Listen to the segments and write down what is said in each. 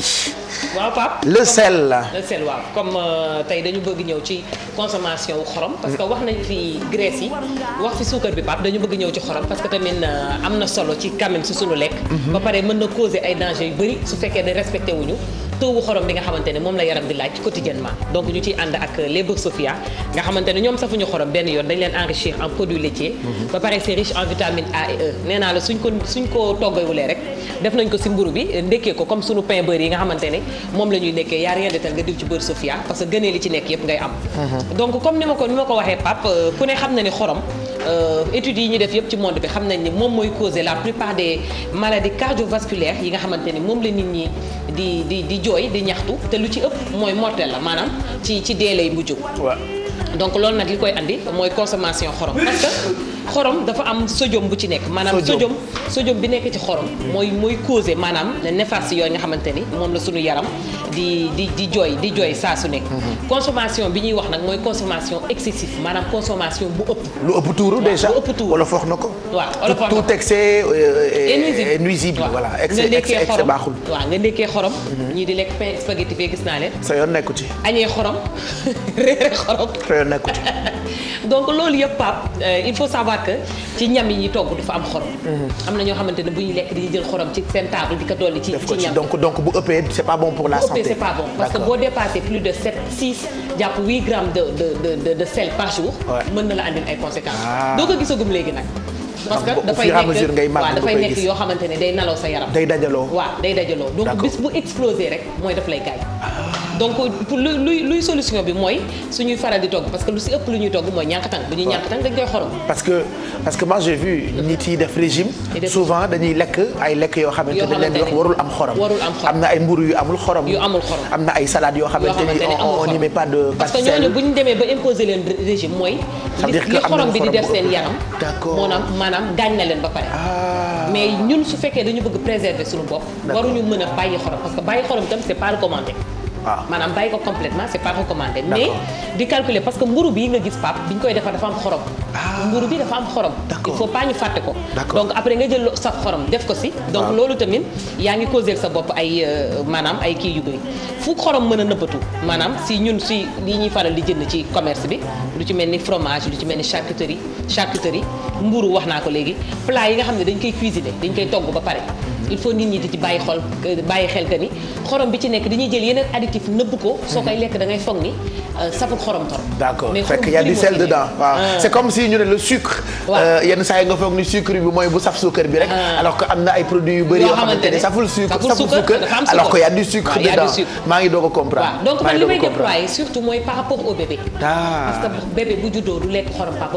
fi. waaw Pape le sel la le waaw comme euh, tey dañu bëgg ñëw ci consommation wu xorom. parce que wax nañ fi graisse yi wax fi suukar bi Pape dañu bëgg ñëw ci xorom parce que tamit euh, am na solo ci quand même si suñu lekk. Mhm. ba pare mën na causer ay dangers yu bëri su fekkee ne respecté tëwu xorom bi nga xamante moom la yaram di laaj quotidiennement donc ñu ciy ànd ak les beurre Sofia nga xamante ñoom safuñu xorom benn yoon dañ leen enrichir en produits laitiers mhm. ba pare c'est riche en vitamine A E nee la suñ ko suñ ko toggawulee rek def nañ ko si mburu bi ndekkee ko comme suñu pain beurre yi nga xamante moom la ñuy yaa rien de tel nga diw ci beurre Sofia parce que gënee li ci nekk yëpp ngay am mhm. donc comme ni ma ko ni ma ko waxee euh, Euh, études yi ñu def yëpp ci monde bi xam nañ ne moom mooy causer la plupart des maladies cardiovasculaires yi nga xamante ni moom la nit ñi di di di jooy di ñaxtu te lu ci ëpp mooy mortel la maanaam ci ci dee lay mujj. donc loolu nag li koy indi mooy consommation xorom parce xorom dafa am sodium bu ci nekk maanaam sodium sodium bi nekk ci xorom mooy mooy causé maanaam néfaste yooy nga xamante ni moom la suñu yaram di di di jooy di jooy saa su nekk mhm. consommation bi ñuy wax nag mooy consommation excessive maanaam consomation bu ëpp lu ëpp tuuru déjà lu ëpp tuuru wala foox na ko waaw tout excès est euh, nuisible voilà excès baaxul waaw nga ndekkee xorom mhm. ñii di lekk pain spaghetti fee gis naa leen sa yoon nekku ci añee xorom réere xorom sa yoon nekku donc loolu yëpp Pape euh, il faut savoir crois que ci ñam yi ñuy togg dafa am xorom. Mhm. am na ñoo xamante ne bu ñuy lekk dañuy jël xorom ci seen table di ko dolli ci ci ñam. donc donc bu ëppee c'est pas bon pour la santé. bu ëppee c'est pas bon parce que boo dépassé plus de 7 6 jàpp 8 grammes de sel par jour. mën na la andil ay conséquences. Ah. doo ko gisagum léegi nag. parce que dafay nekk waaw dafay nekk yoo xamante ne day nalaw sa yaram. day dajaloo donc bis bu explosé rek mooy daf lay gaañ. Ah. donc solution bi mooy suñuy faral di togg parce que lu si lu ñuy togg mooy ñànk tàng bu ñuy ñànk tàng dañ koy xorom. parce que parce que moi j'ai vu. yoo xamante ne leen di wax warul na ay mburu yu amul yu amul xorom am na ay salades yoo xamante ni on n'y met pas de. ñu demee ba imposer leen régime mooy. li xorom bi di def seen yaram. d'accord maanaam gaañ na leen ba pare ah. mais ñun su fekkee dañu bëgg préserver suñu bopp waruñu mën a bàyyi xorom parce que bàyyi xorom itam c'est pas recommandé waaw ah. maanaam bàyyi ko complètement c'est pas recommandé mais di calculer parce que mburu bi nga gis pap bi ñu koy defar dafa am xorom ah. mburu bi dafa am xorom il faut pas ñu fàtte ko donc après nga jël sa xorom def ko si donc loolu tamit yaa ngi causé sa bopp ay euh, maanaam ay kii yu bëri fu xorom mën a nëbbatu maanaam si ñun si li ñuy faral di jënd ci commerce bi lu ci mel ni fromage lu ci mel ni charcuterie charcuterie mburu wax naa ko léegi plat yi nga xam ne dañ koy cuisiner dañ koy togg ba pare il faut nit ñi di ci bàyyi xol bàyyi xel que ni xorom bi ci nekk dañuy jël yeneen additif nëbb ko soo koy lekk da foog ni euh, saful xorom y a du sel dedans waaw ah. euh, bi mooy bu saf suukar bi rek ah. alors que am na ay produits yu bëri yoo xamante ne saful sucre saful suukar a du maa ngi doog a comprendre donc man li may déployer surtout mooy par rapport au bébé ah. parce que bébé bu juddoo du lekk xorom papa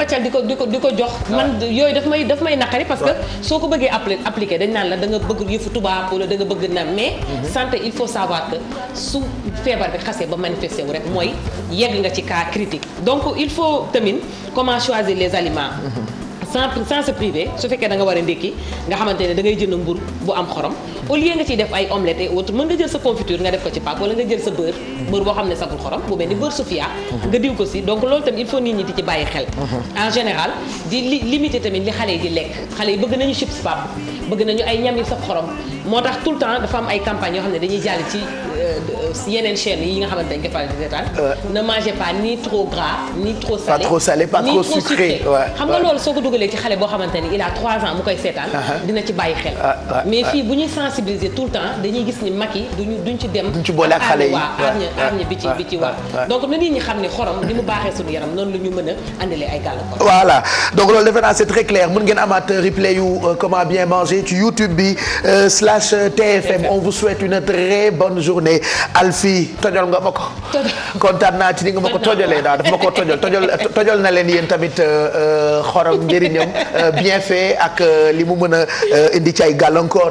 paccal di ko di ko di ko jox ah. man yooyu daf may daf may naqari parce que ah. soo ko bëggee appli appliqué dañ naan la da nga bëgg yëfu tubaab wala da nga bëgg na mais mhm. santé il faut savoir que su feebar bi xasee ba manifesté wu rek mooy yegg nga ci cas critique donc il faut tamit comment choisir les aliments mhm. sans sans se priver su fekkee da nga war a ndékki nga xamante ne da jën jënd mbur bu am xorom au lieu nga ciy def ay omelette et autres nga jël sa confiture nga def ko ci paak wala nga jël sa beurre beurre boo xam ne sagul xorom bu mel ni beurre Sofia nga diw ko si donc loolu tamit il faut nit ñi di ci bàyyi xel uh-huh. en général di limiter tamit li xale yi di lekk xale yi bëgg nañu chips pap bëgg nañu ay ñam yi saf xorom moo tax tout le temps dafa am ay campagne yoo xam ne dañuy jàll ci yeneen chaînes yi nga xamante dañ ko faral di seetaan euh. ne mangez pas ni trop gras ni trop salé pas trop salé xam nga loolu soo ko dugalee ci xale boo xamante ni il a trois ans mu koy seetaan uh-huh. dina ci bàyyi xel ah, ah, ah. mais fii bu ñuy sensibiliser tout le temps dañuy gis ni mag yi duñu ci dem duñ xale yi waaw aarña bi ci bi ci war donc na nit ñi xam ne xorom ni mu baaxee suñu yaram noonu la ñu mën a andalee ay gàllankoor voilà donc loolu defe c'est très clair al alfi tojol nga ma ko kontaan naa ci ni nga ma ko tojolee daal daf ma ko tojol tojol na leen yéen tamit euh, euh, xorom njëriñam euh, bien fait ak li mu mën a indi ci ay gàllankoor